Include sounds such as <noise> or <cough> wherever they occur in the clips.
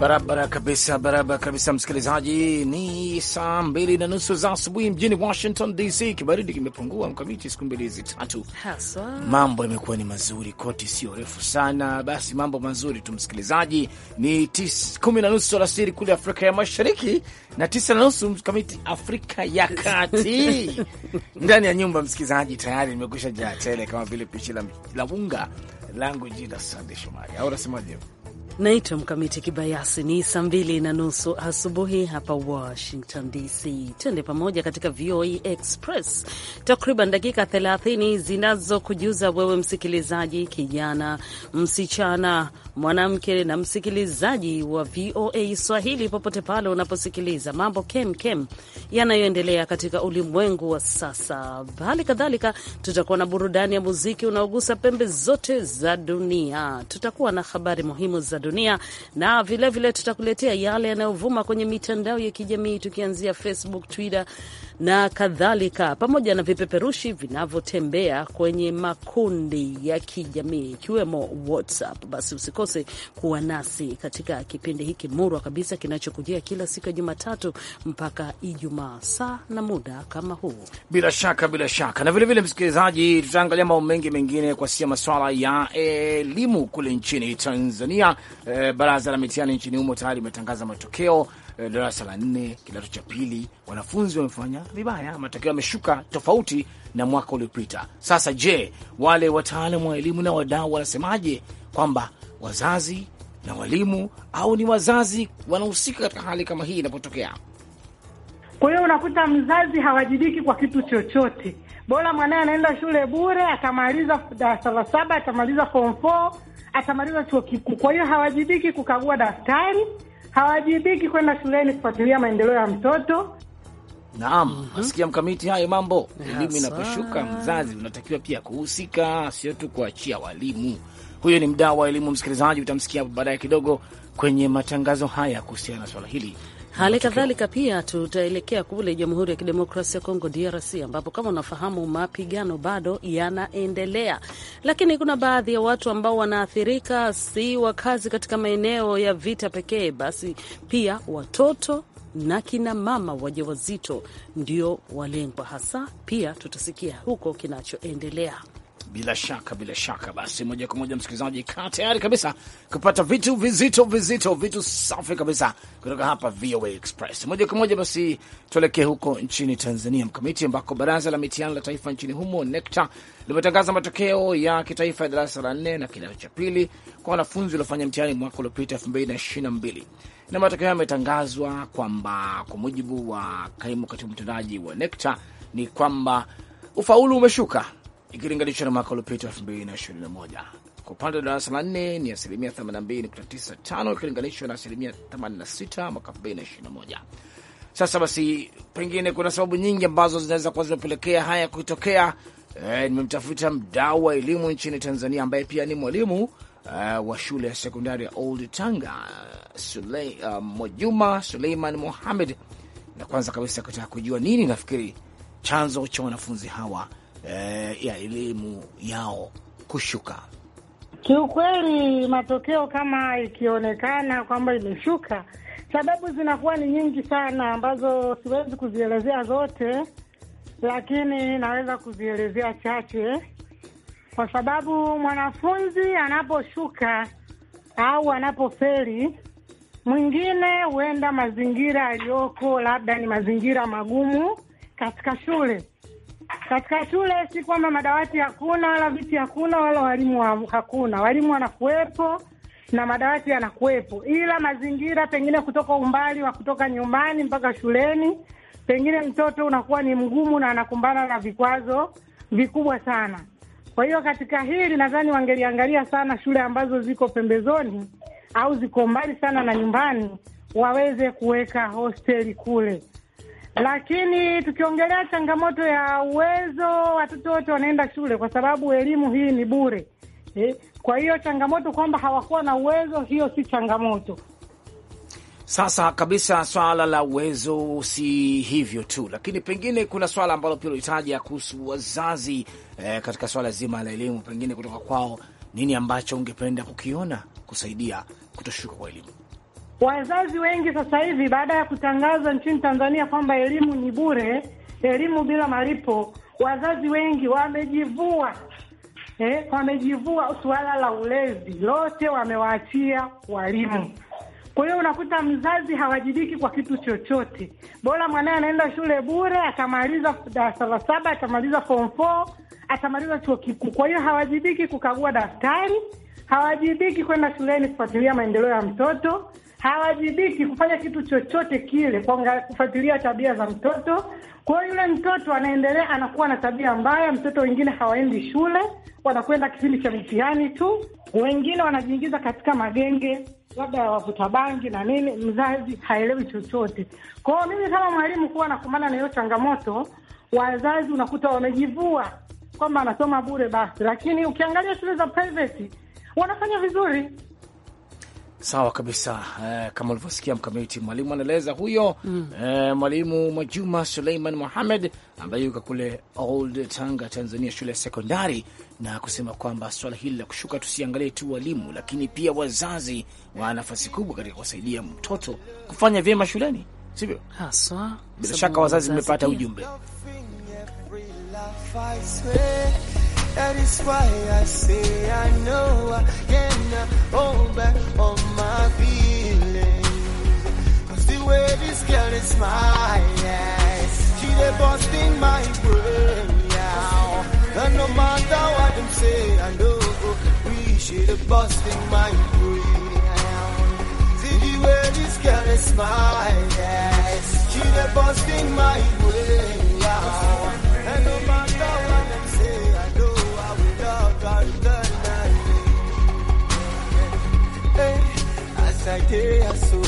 Barabara kabisa, barabara kabisa, msikilizaji. Ni saa mbili na nusu za asubuhi mjini Washington DC. Kibaridi kimepungua mkamiti, siku mbili hizi tatu haswa, mambo yamekuwa ni mazuri, koti sio refu sana. Basi mambo mazuri tu, msikilizaji. Ni tis, kumi na nusu alasiri kule Afrika ya Mashariki na tisa na nusu mkamiti Afrika ya Kati. <laughs> Ndani ya nyumba, msikilizaji, tayari nimekusha jaa tele kama vile pishi la, la unga langu. Jina Sande Shomari au nasemaje? Naitwa Mkamiti Kibayasi. Ni saa mbili na nusu asubuhi hapa Washington DC. Tuende pamoja katika VOA e Express, takriban dakika 30 zinazokujuza wewe msikilizaji, kijana, msichana, mwanamke na msikilizaji wa VOA e Swahili popote pale unaposikiliza mambo kem yanayoendelea katika ulimwengu wa sasa. Hali kadhalika tutakuwa na burudani ya muziki unaogusa pembe zote za dunia. Tutakuwa na habari muhimu za dunia dunia, na vilevile vile tutakuletea yale yanayovuma kwenye mitandao ya kijamii tukianzia Facebook, Twitter na kadhalika, pamoja na vipeperushi vinavyotembea kwenye makundi ya kijamii ikiwemo WhatsApp. Basi usikose kuwa nasi katika kipindi hiki murwa kabisa kinachokujia kila siku ya Jumatatu mpaka Ijumaa, saa na muda kama huu. Bila shaka, bila shaka, na vilevile msikilizaji, tutaangalia mambo mengi mengine kwasia maswala ya elimu kule nchini Tanzania. E, baraza la mitihani nchini humo tayari imetangaza matokeo Eh, darasa la nne, kidato cha pili, wanafunzi wamefanya vibaya, matokeo yameshuka tofauti na mwaka uliopita. Sasa je, wale wataalamu wa elimu na wadau wanasemaje kwamba wazazi na walimu au ni wazazi wanahusika katika hali kama hii inapotokea? Kwa hiyo unakuta mzazi hawajibiki kwa kitu chochote, bora mwanaye anaenda shule bure, atamaliza darasa la saba, atamaliza form four, atamaliza chuo kikuu. Kwa hiyo hawajibiki kukagua daftari hawajibiki kwenda shuleni kufuatilia maendeleo ya mtoto. Naam, mhm. nasikia mm -hmm. Mkamiti hayo mambo yes. Elimu inaposhuka mzazi unatakiwa pia kuhusika, sio tu kuachia walimu. Huyo ni mdau wa elimu, msikilizaji, utamsikia baadaye kidogo kwenye matangazo haya kuhusiana na swala hili Hali kadhalika pia tutaelekea kule Jamhuri ya Kidemokrasia ya Kongo, DRC, ambapo kama unafahamu mapigano bado yanaendelea, lakini kuna baadhi ya watu ambao wanaathirika, si wakazi katika maeneo ya vita pekee, basi pia watoto na kina mama wajawazito ndio walengwa hasa. Pia tutasikia huko kinachoendelea. Bila shaka bila shaka, basi moja kwa moja, msikilizaji, kaa tayari kabisa kupata vitu vizito vizito, vitu safi kabisa kutoka hapa VOA Express. Moja kwa moja, basi tuelekee huko nchini Tanzania, Mkamiti, ambako baraza la mitihani la taifa nchini humo NECTA limetangaza matokeo ya kitaifa ya darasa la nne na kidato cha pili kwa wanafunzi waliofanya mtihani mwaka uliopita 2022 na matokeo yametangazwa kwamba kwa mujibu wa kaimu katibu mtendaji wa NECTA ni kwamba ufaulu umeshuka ikilinganishwa na mwaka uliopita 2021. Kwa upande wa darasa la nne ni asilimia 82.95 ikilinganishwa na asilimia 86 mwaka 2021. Sasa basi, pengine kuna sababu nyingi ambazo zinaweza kuwa zimepelekea haya kutokea. E, nimemtafuta mdau wa elimu nchini Tanzania ambaye pia ni mwalimu e, wa shule ya sekondari ya Old Tanga Sule, uh, Mwajuma Suleiman Mohamed, na kwanza kabisa kutaka kujua nini nafikiri chanzo cha wanafunzi hawa eh, ya elimu yao kushuka. Kiukweli, matokeo kama ikionekana kwamba imeshuka, sababu zinakuwa ni nyingi sana ambazo siwezi kuzielezea zote, lakini naweza kuzielezea chache, kwa sababu mwanafunzi anaposhuka au anapofeli, mwingine huenda mazingira aliyoko labda ni mazingira magumu katika shule katika shule, si kwamba madawati hakuna wala viti hakuna wala walimu wa, hakuna walimu wanakuwepo na madawati yanakuwepo, ila mazingira pengine kutoka umbali wa kutoka nyumbani mpaka shuleni, pengine mtoto unakuwa ni mgumu na anakumbana na vikwazo vikubwa sana. Kwa hiyo katika hili nadhani wangeliangalia sana shule ambazo ziko pembezoni au ziko mbali sana na nyumbani, waweze kuweka hosteli kule lakini tukiongelea changamoto ya uwezo, watoto wote wanaenda shule kwa sababu elimu hii ni bure eh. Kwa hiyo changamoto kwamba hawakuwa na uwezo, hiyo si changamoto. Sasa kabisa swala la uwezo si hivyo tu, lakini pengine kuna swala ambalo pia ulitaja kuhusu wazazi eh, katika swala zima la elimu, pengine kutoka kwao, nini ambacho ungependa kukiona kusaidia kutoshuka kwa elimu? Wazazi wengi sasa hivi baada ya kutangaza nchini Tanzania kwamba elimu ni bure, elimu bila malipo, wazazi wengi wamejivua eh, wamejivua suala la ulezi lote wamewaachia walimu. Kwa hiyo unakuta mzazi hawajibiki kwa kitu chochote, bora mwanaye anaenda shule bure, atamaliza darasa la saba, atamaliza form four, atamaliza chuo kikuu. Kwa hiyo hawajibiki kukagua daftari, hawajibiki kwenda shuleni kufuatilia maendeleo ya mtoto hawajibiki kufanya kitu chochote kile, kwa kufuatilia tabia za mtoto. Kwa hiyo yule mtoto anaendelea anakuwa na tabia mbaya. Mtoto wengine hawaendi shule, wanakwenda kipindi cha mitihani tu. Wengine wanajiingiza katika magenge labda wavuta bangi na nini, mzazi haelewi chochote. Kwa hiyo mimi kama mwalimu kuwa nakumbana na hiyo changamoto, wazazi unakuta wamejivua kwamba anasoma bure basi, lakini ukiangalia shule za private wanafanya vizuri Sawa kabisa eh, kama ulivyosikia mkamiti mwalimu anaeleza huyo mm. eh, mwalimu Mwajuma Suleiman muhamed ambaye yuko kule Old Tanga, Tanzania, shule ya sekondari, na kusema kwamba swala hili la kushuka tusiangalie tu walimu, lakini pia wazazi wana nafasi kubwa katika kusaidia mtoto kufanya vyema shuleni, sivyo? Haswa bila shaka wazazi mmepata ujumbe That is why I say I know I cannot hold back on my feelings. Cause the way this girl is smiles, she the bust in my brain now. And no matter what them say, I know we should in my brain the way this girl is smiling, yes. she the in my way, yeah. And no matter I dare so.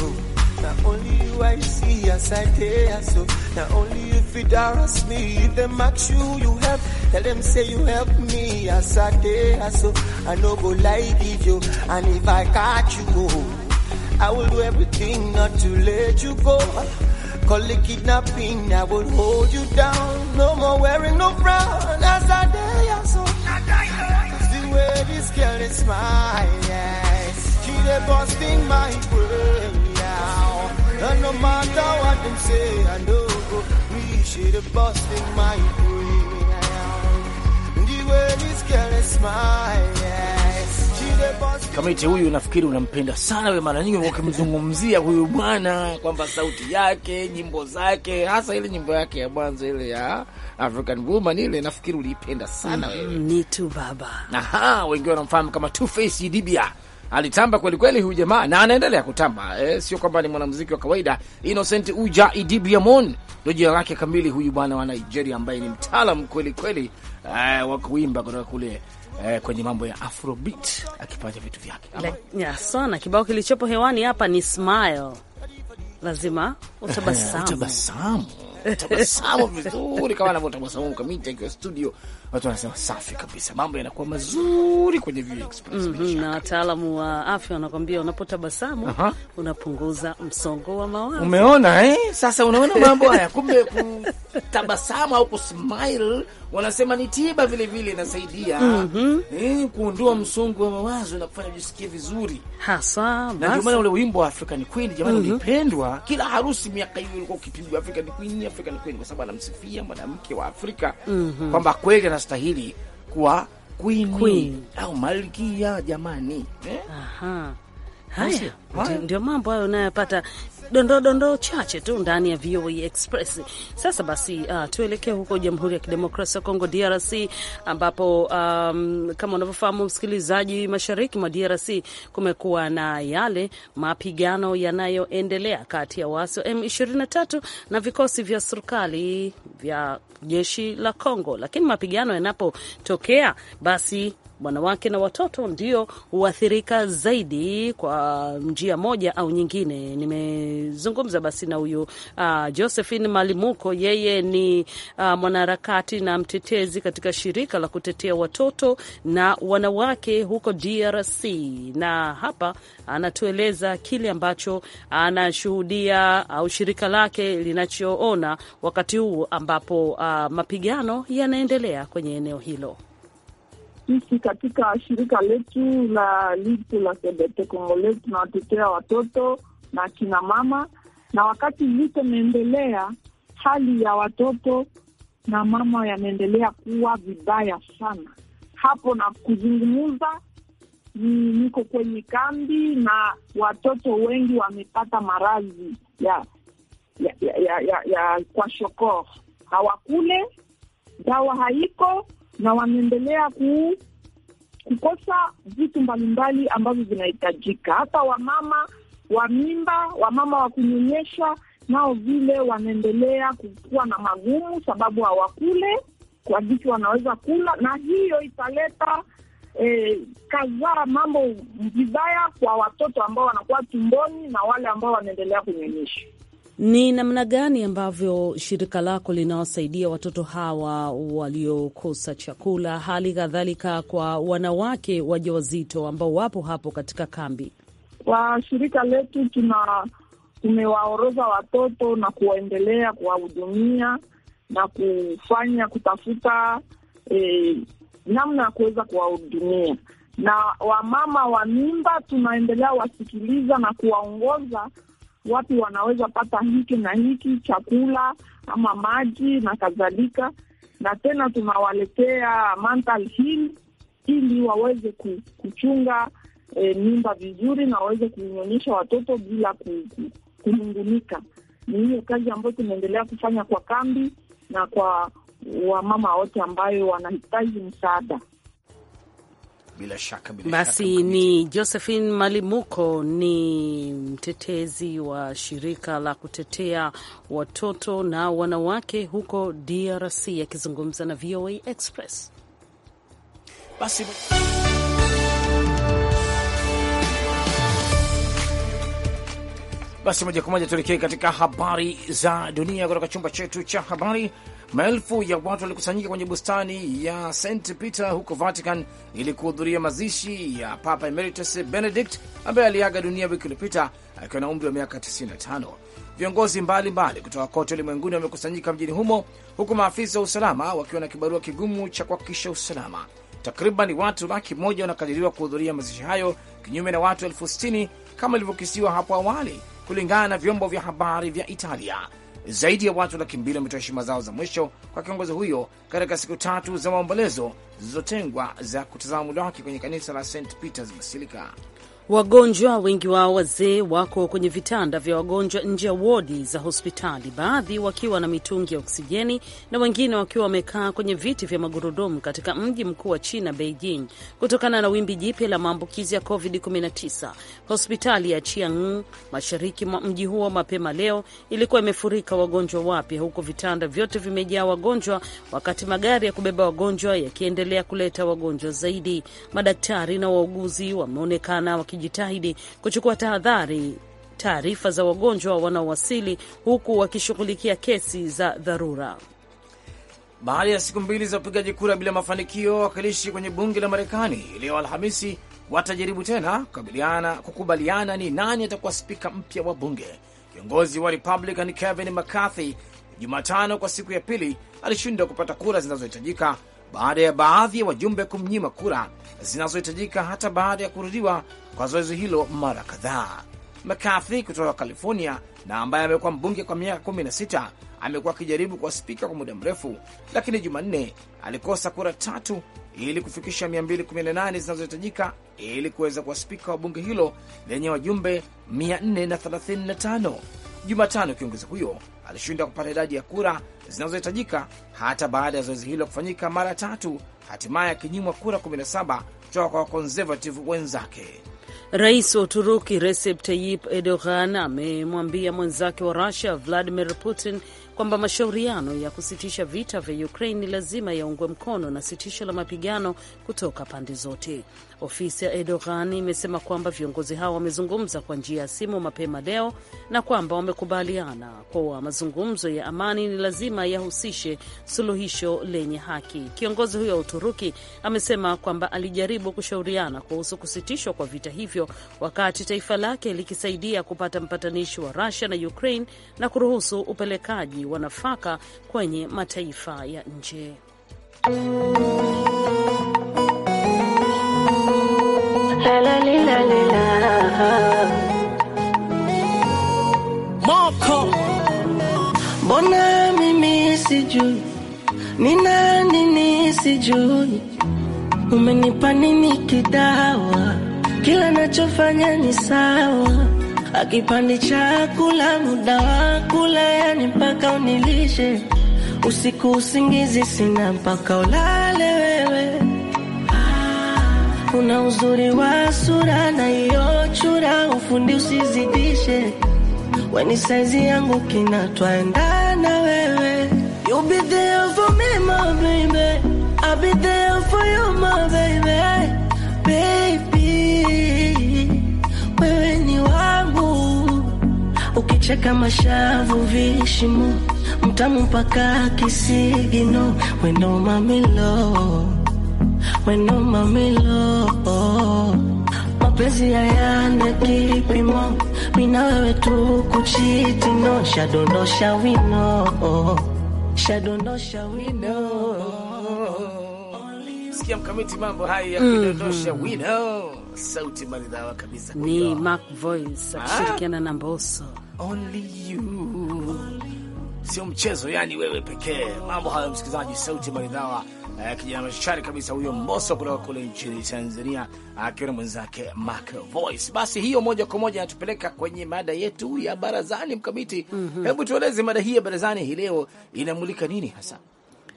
Now only you I see as I dare so. Now only if it harass me, if them match you, you help. Tell them say you help me as I dare so. I no go lie give you, and if I catch you, I will do everything not to let you go. Call it kidnapping, I will hold you down. No more wearing no frown as I dare so. Cause the way this girl is smiling. Yeah. they busting my brain now. And no matter what them say, I know we should have in my brain now. The way this girl is smiling. Kamiti huyu nafikiri unampenda sana we, mara nyingi ukimzungumzia huyu bwana kwamba sauti yake, nyimbo zake, hasa ile nyimbo yake ya mwanzo ile ya African Woman ile nafikiri uliipenda sana wewe. Mm, ni tu baba. Aha, wengi wanamfahamu kama Two Face Idibia alitamba kweli kweli huyu jamaa na anaendelea kutamba eh, sio kwamba ni mwanamuziki wa kawaida. Innocent Uja Idibiamon e ndio jina lake kamili, huyu bwana wa Nigeria ambaye ni mtaalam kweli kweli e, wa kuimba kutoka kule Eh, kwenye mambo ya Afrobeat akipata vitu vyake sana. Kibao kilichopo hewani hapa ni smile, lazima <laughs> utabasamu, utabasamu, utabasamu vizuri kama anavyotabasamu Mkamiti akiwa studio watu wanasema safi kabisa, mambo yanakuwa mazuri kwenye Express mm -hmm. na wataalamu wa afya wanakwambia unapotabasamu uh -huh. unapunguza msongo wa mawazo. Umeona eh? Sasa unaona mambo haya, kumbe kutabasamu au kusmile wanasema ni tiba vilevile, inasaidia mm -hmm. eh, kuondoa msongo wa mawazo na kufanya ujisikie vizuri hasa. Na ndio maana ule wimbo wa African Queen jamani, mm -hmm. ulipendwa kila harusi miaka hiyo ilikuwa ukipigwa African Queen, African Queen, kwa sababu anamsifia mwanamke wa Afrika mm -hmm. kwamba kweli anastahili kuwa Queen. Queen. Au malkia jamani eh? Aha. Haya, ndio mambo hayo unayopata dondoo dondoo chache tu ndani ya VOA e Express. Sasa basi, uh, tuelekee huko Jamhuri ya Kidemokrasia ya Kongo, DRC, ambapo um, kama unavyofahamu msikilizaji, mashariki mwa DRC kumekuwa na yale mapigano yanayoendelea kati ya waasi wa M23 na vikosi vya serikali vya jeshi la Kongo, lakini mapigano yanapotokea basi wanawake na watoto ndio huathirika zaidi kwa njia moja au nyingine. Nimezungumza basi na huyu uh, Josephine Malimuko, yeye ni uh, mwanaharakati na mtetezi katika shirika la kutetea watoto na wanawake huko DRC, na hapa anatueleza kile ambacho anashuhudia au shirika lake linachoona wakati huu ambapo uh, mapigano yanaendelea kwenye eneo hilo sisi katika shirika letu la litu la Sebete Kongole tunawatetea watoto na akina mama, na wakati vita imeendelea, hali ya watoto na mama yameendelea kuwa vibaya sana. Hapo na kuzungumza ni niko kwenye kambi na watoto wengi wamepata maradhi ya ya, ya, ya, ya, ya kwa shokor, hawakule dawa haiko na wanaendelea ku kukosa vitu mbalimbali ambavyo vinahitajika. Hata wamama wa mimba, wamama wa kunyonyesha, nao vile wanaendelea kukuwa na magumu, sababu hawakule kwa vitu wanaweza kula, na hiyo italeta eh, kadhaa mambo vibaya kwa watoto ambao wanakuwa tumboni na wale ambao wanaendelea kunyonyesha. Ni namna gani ambavyo shirika lako linawasaidia watoto hawa waliokosa chakula, hali kadhalika kwa wanawake wajawazito ambao wapo hapo katika kambi? Kwa shirika letu tuna tumewaoroza watoto na kuwaendelea kuwahudumia na kufanya kutafuta eh, namna ya kuweza kuwahudumia na wamama wa mimba tunaendelea wasikiliza na kuwaongoza wapi wanaweza pata hiki na hiki chakula ama maji na kadhalika, na tena tunawaletea mental health ili waweze kuchunga e, mimba vizuri na waweze kunyonyesha watoto bila kunungunika. Ni hiyo kazi ambayo tunaendelea kufanya kwa kambi na kwa wamama wote ambayo wanahitaji msaada. Bila shaka, bila basi shaka, ni Josephine Malimuko ni mtetezi wa shirika la kutetea watoto na wanawake huko DRC akizungumza na VOA Express. Basi basi, moja kwa moja tuelekee katika habari za dunia kutoka chumba chetu cha habari Maelfu ya watu walikusanyika kwenye bustani ya St Peter huko Vatican ili kuhudhuria mazishi ya Papa Emeritus Benedict ambaye aliaga dunia wiki iliyopita akiwa na umri wa miaka 95. Viongozi mbalimbali kutoka kote ulimwenguni wamekusanyika mjini humo huku maafisa wa usalama wakiwa na kibarua kigumu cha kuhakikisha usalama. Takriban watu laki moja wanakadiriwa kuhudhuria mazishi hayo, kinyume na watu elfu sitini kama ilivyokisiwa hapo awali, kulingana na vyombo vya habari vya Italia. Zaidi ya watu laki mbili wametoa heshima zao za mwisho kwa kiongozi huyo katika siku tatu za maombolezo zilizotengwa za kutazama mwili wake kwenye kanisa la St Peters Basilica. Wagonjwa wengi wao wazee wako kwenye vitanda vya wagonjwa nje ya wodi za hospitali, baadhi wakiwa na mitungi ya oksijeni na wengine wakiwa wamekaa kwenye viti vya magurudumu katika mji mkuu wa China, Beijing, kutokana na wimbi jipya la maambukizi ya COVID-19. Hospitali ya Chiang mashariki mwa mji huo mapema leo ilikuwa imefurika wagonjwa wapya, huku vitanda vyote vimejaa wagonjwa, wakati magari ya kubeba wagonjwa yakiendelea kuleta wagonjwa zaidi. Madaktari na wauguzi wameonekana wakijitahidi kuchukua tahadhari taarifa za wagonjwa wanaowasili huku wakishughulikia kesi za dharura. Baada ya siku mbili za upigaji kura bila mafanikio, wawakilishi kwenye bunge la Marekani leo Alhamisi watajaribu tena kukabiliana, kukubaliana ni nani atakuwa spika mpya wa bunge. Kiongozi wa Republican Kevin McCarthy Jumatano kwa siku ya pili alishindwa kupata kura zinazohitajika baada ya baadhi ya wajumbe kumnyima kura zinazohitajika hata baada ya kurudiwa kwa zoezi hilo mara kadhaa. McCarthy kutoka California na ambaye amekuwa mbunge kwa miaka 16 amekuwa akijaribu kuwa spika kwa muda mrefu, lakini Jumanne alikosa kura tatu ili kufikisha 218 zinazohitajika ili kuweza kuwa spika wa bunge hilo lenye wajumbe 435. Jumatano kiongozi huyo alishinda kupata idadi ya kura zinazohitajika hata baada ya zoezi hilo kufanyika mara tatu, hatimaye akinyimwa kura 17 kutoka kwa wakonservative wenzake. Rais wa Uturuki Recep Tayyip Erdogan amemwambia mwenzake wa Rusia Vladimir Putin kwamba mashauriano ya kusitisha vita vya Ukraine ni lazima yaungwe mkono na sitisho la mapigano kutoka pande zote. Ofisi ya Erdogan imesema kwamba viongozi hao wamezungumza kwa njia ya simu mapema leo na kwamba wamekubaliana kuwa mazungumzo ya amani ni lazima yahusishe suluhisho lenye haki. Kiongozi huyo wa Uturuki amesema kwamba alijaribu kushauriana kuhusu kusitishwa kwa vita hivyo wakati taifa lake likisaidia kupata mpatanishi wa Rusia na Ukraine na kuruhusu upelekaji wa nafaka kwenye mataifa ya nje. Moko, mbona mimi sijui ni nani nisijui, umenipa nini kidawa? Kila nachofanya ni sawa, akipandi chakula muda wa kula, yani mpaka unilishe usiku, usingizi sina mpaka ulale wewe kuna uzuri wa sura na hiyo chura, ufundi usizidishe, weni saizi yangu na wewe, you be there for me my baby, I'll be there for you my baby, baby wewe ni wangu, ukicheka mashavu vishimu mtamu mpaka kisigino wendo mamilo wenoma milo oh. mapenzi hayana kilipimo, mina wewe tu kuchiti shadondosha wino shadondosha wino sikia mkamiti mambo haya ya kudondosha mhm. wino sauti maridhawa kabisa ni Mac Voice ah. akishirikiana na Mbosso only you, sio mchezo yani, wewe pekee. Mambo hayo msikilizaji, sauti maridhawa Eh, kijana mashari kabisa huyo mboso kutoka kule nchini Tanzania akiwa na mwenzake Mac Voice. Basi hiyo moja kwa moja inatupeleka kwenye mada yetu ya barazani mkamiti. mm -hmm. Hebu tueleze mada hii ya barazani hii leo inamulika nini hasa?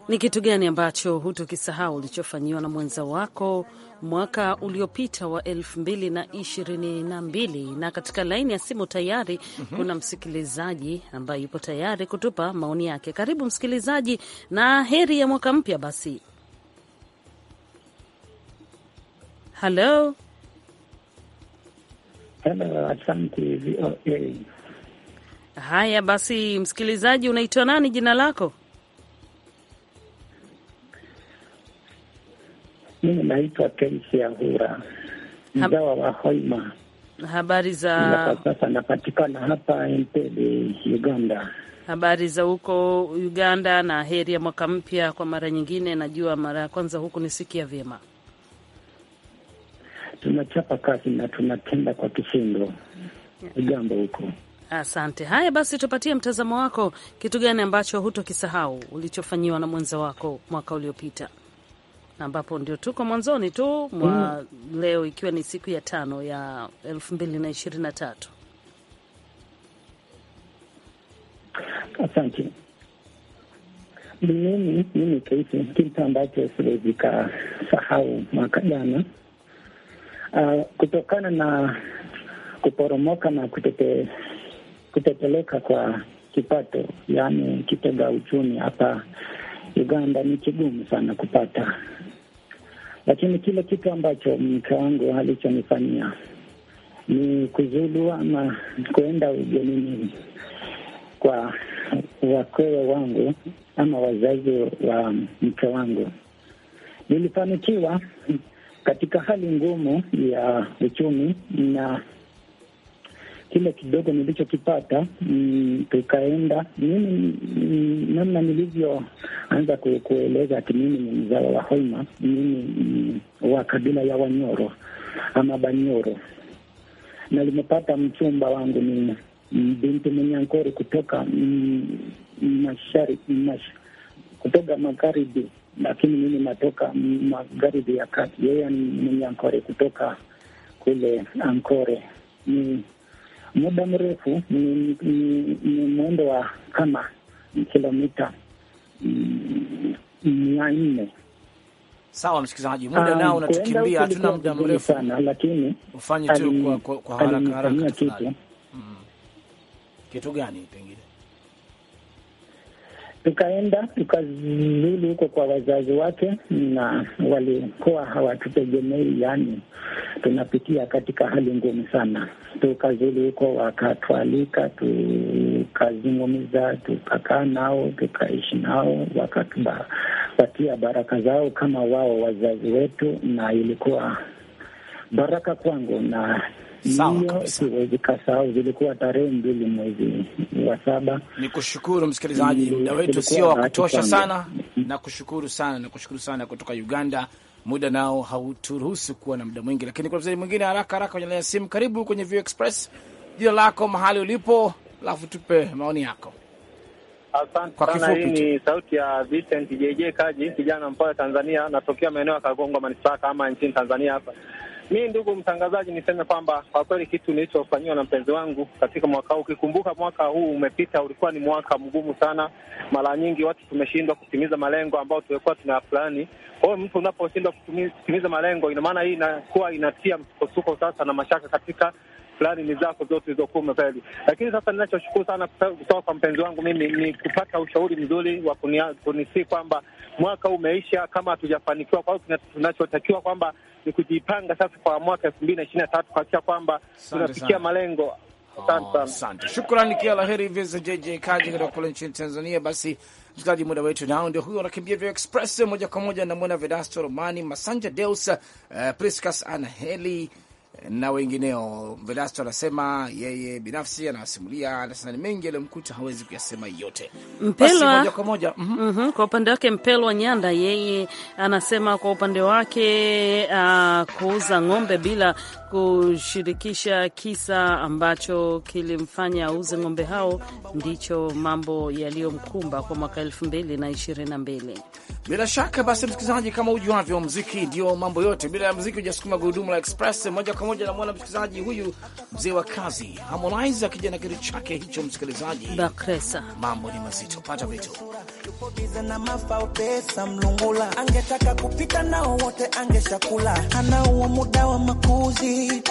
Ni kitu gani ambacho hutukisahau ulichofanyiwa na mwenza wako mwaka uliopita wa elfu mbili na ishirini na mbili? Na katika laini ya simu tayari mm -hmm. kuna msikilizaji ambaye yupo tayari kutupa maoni yake. Karibu msikilizaji, na heri ya mwaka mpya. Basi, halo. Haya basi, msikilizaji, unaitwa nani? Jina lako? Mimi naitwa Kensi Ahura, mzawa wa Hoima. Habari za sasa napatikana hapa Entebbe, Uganda. Habari za huko Uganda na heri ya mwaka mpya kwa mara nyingine. Najua mara ya kwanza huku nisikia vyema. Tunachapa kazi na tunatenda kwa kishindo. Ujambo huko? Asante. Haya basi, tupatie mtazamo wako, kitu gani ambacho hutokisahau ulichofanyiwa na mwenza wako mwaka uliopita? ambapo ndio tuko mwanzoni tu mwa mm. leo ikiwa ni siku ya tano ya elfu mbili na ishirini na tatu. Asante. Mimi mimi Keiti, kitu ambacho siwezi kasahau mwaka jana uh, kutokana na kuporomoka na kutete, kuteteleka kwa kipato, yaani kitega uchumi hapa Uganda ni kigumu sana kupata lakini kile kitu ambacho mke wangu alichonifanyia ni kuzulu ama kuenda ugenini kwa wakwewe wangu ama wazazi wa mke wangu. Nilifanikiwa katika hali ngumu ya uchumi na kile kidogo nilichokipata mm, tukaenda mimi mm, namna nilivyoanza kueleza ati mimi ni mzawa wa Hoima, mimi wa kabila ya Wanyoro ama Banyoro, na limepata mchumba wangu ni binti Munyankore kutoka mm, mashariki mash, kutoka magharibi, lakini mimi natoka magharibi ya kati. Yeye ni Munyankore kutoka kule Ankore ni muda mrefu ni, ni, ni mwendo wa kama kilomita mm, mia nne. Sawa msikilizaji, muda ah, nao unatukimbia, hatuna muda mrefu sana, lakini ufanye tu kwa haraka haraka. Mm. Kitu gani pengine Tukaenda tukazulu huko kwa wazazi wake, na walikuwa hawatutegemei, yaani tunapitia katika hali ngumu sana. tukazulu huko, wakatwalika, tukazungumza, tukakaa nao, tukaishi nao, wakatupatia baraka zao kama wao wazazi wetu, na ilikuwa baraka kwangu na hiyo zilikuwa tarehe mbili mwezi wa saba. Ni kushukuru msikilizaji, muda wetu sio wa kutosha sana, na kushukuru sana na kushukuru sana kutoka Uganda. Muda nao hauturuhusu kuwa na muda mwingi, lakini kuna mzaji mwingine haraka haraka kwenye laini ya simu. Karibu kwenye View Express, jina lako, mahali ulipo, alafu tupe maoni yako. Asante sana. Hii ni sauti ya Vincent JJ Kaji, kijana mpole Tanzania, natokea maeneo ya Kagongo manispaa kama nchini Tanzania hapa Mi ndugu mtangazaji, niseme kwamba kwa kweli kitu nilichofanyiwa na mpenzi wangu katika mwaka huu, ukikumbuka mwaka huu umepita ulikuwa ni mwaka mgumu sana. Mara nyingi watu tumeshindwa kutimiza malengo ambayo tulikuwa tuna plani. Kwa hiyo mtu unaposhindwa kutimiza malengo, ina maana hii inakuwa inatia msukosuko sasa na mashaka katika plani ni zako zote zilizokuwa umefeli. Lakini sasa ninachoshukuru sana kutoka kwa mpenzi wangu mimi ni kupata ushauri mzuri wa kunisii kwamba mwaka umeisha kama hatujafanikiwa. Kwa hiyo tunachotakiwa kwamba ni kujipanga sasa kwa mwaka elfu mbili na ishirini na tatu kuhakikisha kwamba tunafikia malengo. Asante, shukrani, kila la heri JJ Kaji kutoka kule nchini Tanzania. Basi msikilizaji, muda wetu nao ndio huyo, anakimbia vya express moja kwa moja. Namwona Vedasto Romani Masanja Deus, uh, eh, Priscas Anaheli na wengineo. Vedasto anasema yeye binafsi anawasimulia, anasema ni mengi yaliyomkuta, hawezi kuyasema yote. Mpelwa moja kwa moja, mm -hmm. Mm -hmm. Kwa upande wake Mpelwa Nyanda yeye anasema kwa upande wake uh, kuuza ng'ombe bila kushirikisha kisa ambacho kilimfanya auze ng'ombe hao ndicho mambo yaliyomkumba kwa mwaka elfu mbili na ishirini na mbili. Bila shaka basi, msikilizaji, kama ujuavyo, mziki ndio mambo yote. Bila ya mziki hujasukuma gurudumu la Express. Moja kwa moja namwona msikilizaji huyu mzee wa kazi Harmonize akija na kitu chake hicho. Msikilizaji, Bakresa, mambo ni mazito, pata vitu mlungula, angetaka kupita nao wote angeshakula, anauo muda wa makuzi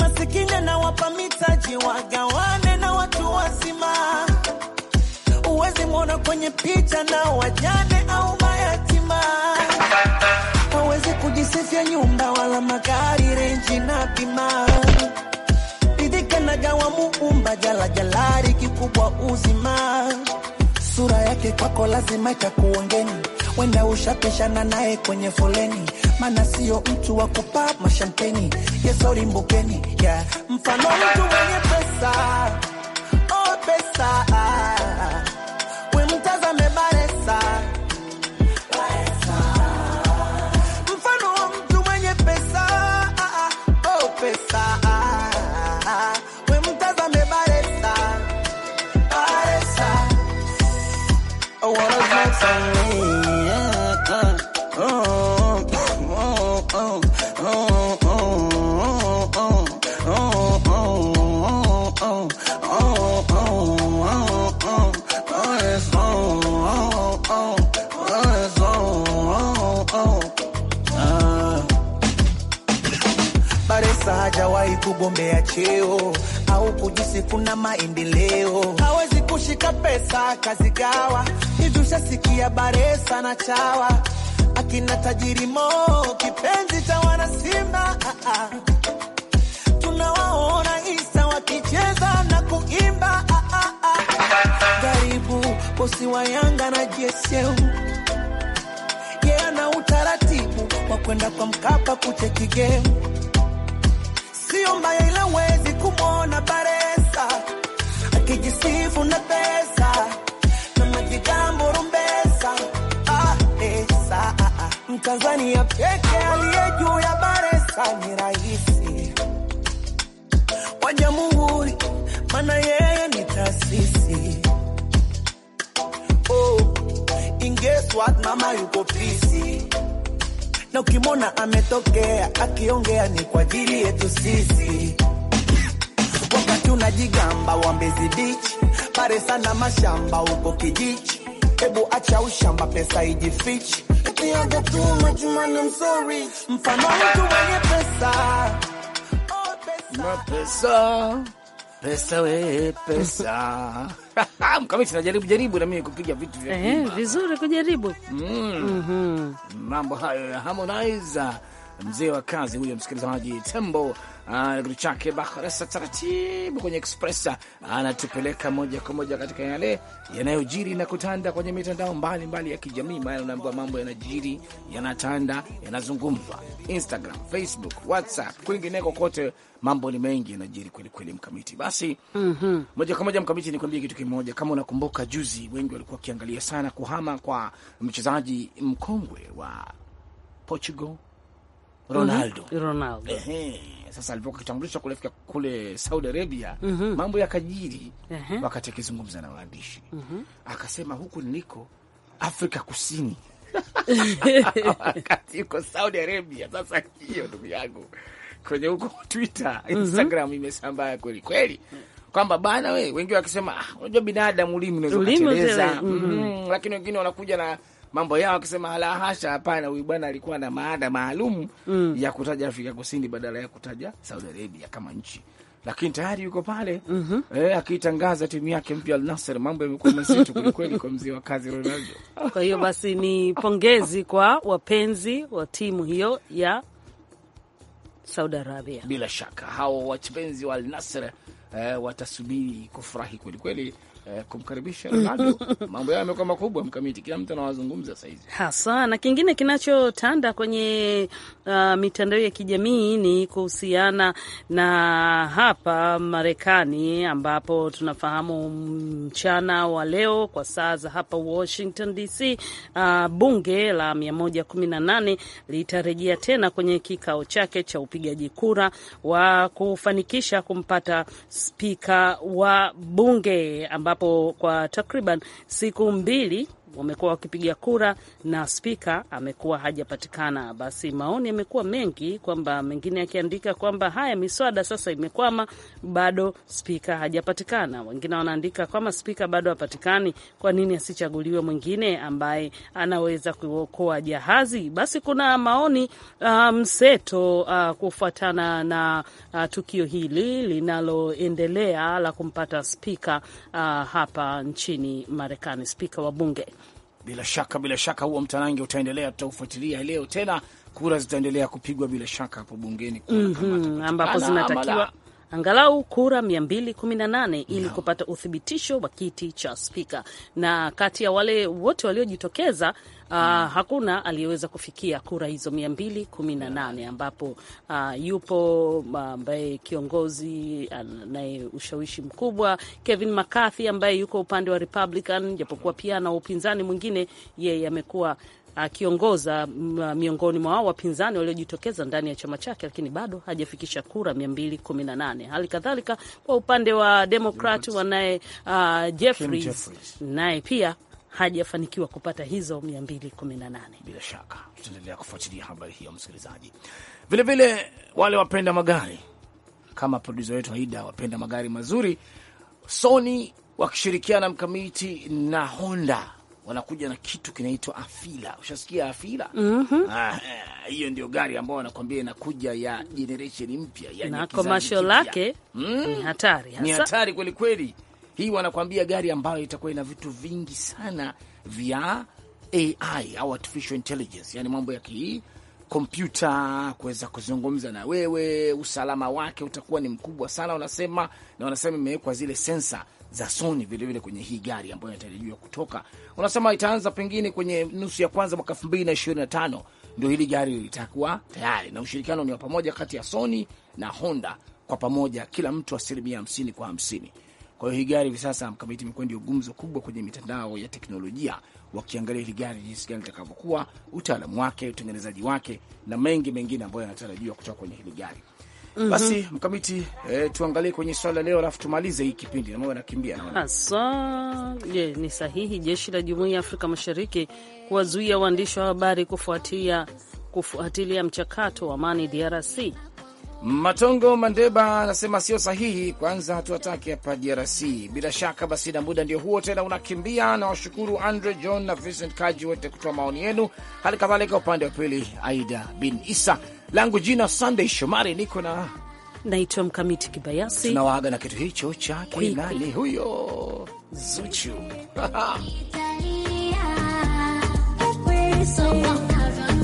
masikini, anawapa mitaji wagawane na watu wazima, uwezi mwona kwenye picha na wajane au kujisifia nyumba wala magari, renji na bima idhikanagawa muumba jala jalari kikubwa uzima sura yake kwako lazima itakuongeni, wenda ushapishana naye kwenye foleni, maana siyo mtu wa kupa mashampeni, yesori mbukeni, yeah. mfano mtu mwenye Baresa hajawahi kugombea cheo au kujisi kuna maendeleo, hawezi kushika pesa kazigawa Mshasikia baresa na chawa akina tajiri mo kipenzi cha wanasimba Simba ah -ah. Tunawaona isa wakicheza na kuimba ah -ah. bosi wa Yanga na jeseu ye ana utaratibu wa kwenda kwa Mkapa kucheki gemu, sio mbaya, ila wezi kumwona baresa akijisifu na pesa Mtanzania peke aliye juu ya baresa ni rais wa jamhuri, maana yeye ni taasisi. Oh, ingeswa mama yuko pisi, na ukimona ametokea akiongea ni kwa ajili yetu sisi. Wakati unajigamba Wambezi Beach, baresa na mashamba huko kijiji, hebu acha ushamba, pesa ijifichi Mapesa oh, pesa we pesa <laughs> mkamiti najaribu jaribu na mimi kupiga vitu vya eh, vizuri kujaribu mm. Mhm. mambo mm. mm -hmm. hayo ya Harmonize mzee wa kazi huyo, msikilizaji tembo kitu ah, chake bahresa taratibu kwenye Expressa, ah, anatupeleka moja kwa moja katika yale yanayojiri na kutanda kwenye mitandao mbalimbali mbali ya kijamii. Maana unaambiwa mambo yanajiri, yanatanda, yanazungumzwa Instagram, Facebook, WhatsApp, kwingineko kote mambo ni mengi yanajiri kweli kweli, Mkamiti. Basi mm -hmm. moja kwa moja Mkamiti, nikuambie kitu kimoja. Kama unakumbuka, juzi wengi walikuwa wakiangalia sana kuhama kwa mchezaji mkongwe wa Portugal Ronaldo, mhm. Ronaldo. Ehe, sasa alipokuwa kulefika kule Saudi Arabia mm -hmm. mambo yakajiri mm -hmm. wakati akizungumza na waandishi mm -hmm. akasema huku niko Afrika Kusini <laughs> wakati yuko Saudi Arabia. Sasa hiyo ndugu yangu kwenye huko Twitter, mhm. Instagram mm -hmm. imesambaa kweli kweli kwamba bana we, wengi wakisema, ah, unajua binadamu ulimi unaweza kuteleza, mhm. mm, lakini wengine wanakuja na mambo yao, akisema la hasha, hapana, huyu bwana alikuwa na maada maalum mm. ya kutaja Afrika Kusini badala ya kutaja Saudi Arabia kama nchi lakini tayari yuko pale mm -hmm. E, akiitangaza timu yake mpya alnasr Mambo yamekuwa mazito kwelikweli kwa mzee wa kazi Ronaldo. <laughs> Kwa hiyo basi ni pongezi kwa wapenzi wa timu hiyo ya Saudi Arabia. Bila shaka hao wapenzi wa alnasr Nassr eh, watasubiri kufurahi kwelikweli eh, kumkaribisha Ronaldo <laughs> mambo yao yamekuwa makubwa mkamiti, kila mtu anawazungumza sasa hasa. Na kingine kinachotanda kwenye uh, mitandao ya kijamii ni kuhusiana na hapa Marekani, ambapo tunafahamu mchana wa leo kwa saa za hapa Washington DC, uh, bunge la 118 litarejea tena kwenye kikao chake cha upigaji kura wa kufanikisha kumpata spika wa bunge ambapo hapo kwa takriban siku mbili wamekuwa wakipiga kura na spika amekuwa hajapatikana. Basi maoni yamekuwa mengi, kwamba mengine akiandika kwamba haya miswada sasa imekwama, bado spika hajapatikana. Wengine wanaandika kama spika bado hapatikani, kwa nini asichaguliwe mwingine ambaye anaweza kuokoa jahazi? Basi kuna maoni uh, mseto um, uh, kufuatana na uh, tukio hili linaloendelea la kumpata spika uh, hapa nchini Marekani, spika wa bunge. Bila shaka, bila shaka huo mtanange utaendelea, tutaufuatilia leo tena. Kura zitaendelea kupigwa bila shaka hapo bungeni, mm -hmm, ambapo zinatakiwa angalau kura 218 ili kupata uthibitisho wa kiti cha spika, na kati ya wale wote waliojitokeza Uh, hakuna aliyeweza kufikia kura hizo 218 ambapo uh, yupo uh, ambaye kiongozi anaye uh, ushawishi mkubwa Kevin McCarthy ambaye yuko upande wa Republican, japokuwa pia na upinzani mwingine, yeye amekuwa akiongoza miongoni mwa wapinzani waliojitokeza ndani ya chama chake, lakini bado hajafikisha kura 218. Hali kadhalika kwa upande wa Demokrat wanaye uh, Jeffries naye pia hajafanikiwa kupata hizo 218. Bila shaka tutaendelea kufuatilia habari hiyo, msikilizaji. Vilevile wale wapenda magari kama produsa wetu Aida, wapenda magari mazuri, Sony wakishirikiana mkamiti na Honda wanakuja na kitu kinaitwa afila. Ushasikia afila? mm -hmm. Ah, eh, hiyo ndio gari ambayo wanakwambia inakuja ya generation mpya, yani na lake mm, ni hatari hasa, ni hatari kweli kweli. Hii wanakwambia gari ambayo itakuwa ina vitu vingi sana vya AI au artificial intelligence, yani mambo ya ki kompyuta kuweza kuzungumza na wewe. Usalama wake utakuwa ni mkubwa sana wanasema, na wanasema imewekwa zile sensa za Sony vilevile vile kwenye hii gari ambayo inatarajiwa kutoka, unasema itaanza pengine kwenye nusu ya kwanza mwaka elfu mbili na ishirini na tano ndio hili gari litakuwa tayari, na ushirikiano ni wa pamoja kati ya Sony na Honda kwa pamoja, kila mtu asilimia hamsini kwa hamsini. Kwa hiyo hii gari hivi sasa mkamiti imekuwa ndio gumzo kubwa kwenye mitandao ya teknolojia, wakiangalia hili gari jinsi gani litakavyokuwa, utaalamu wake, utengenezaji wake na mengi mengine ambayo yanatarajiwa kutoka kwenye hili gari. Mm -hmm. Basi mkamiti eh, tuangalie kwenye swala leo alafu tumalize hii kipindi na nakimbia hasa. Je, ni sahihi jeshi la Jumuiya ya Afrika Mashariki kuwazuia waandishi wa habari kufuatia kufuatilia mchakato wa amani DRC? Matongo Mandeba anasema sio sahihi, kwanza hatuwataki hapa DRC. Bila shaka basi, na muda ndio huo tena unakimbia, na washukuru Andre John na Vincent Kaji wote kutoa maoni yenu, hali kadhalika upande wa pili Aida bin Isa langu jina Sunday Shomari, niko na naitwa Mkamiti Kibayasi. Tunawaaga na kitu hicho cha nani huyo Zuchu <laughs>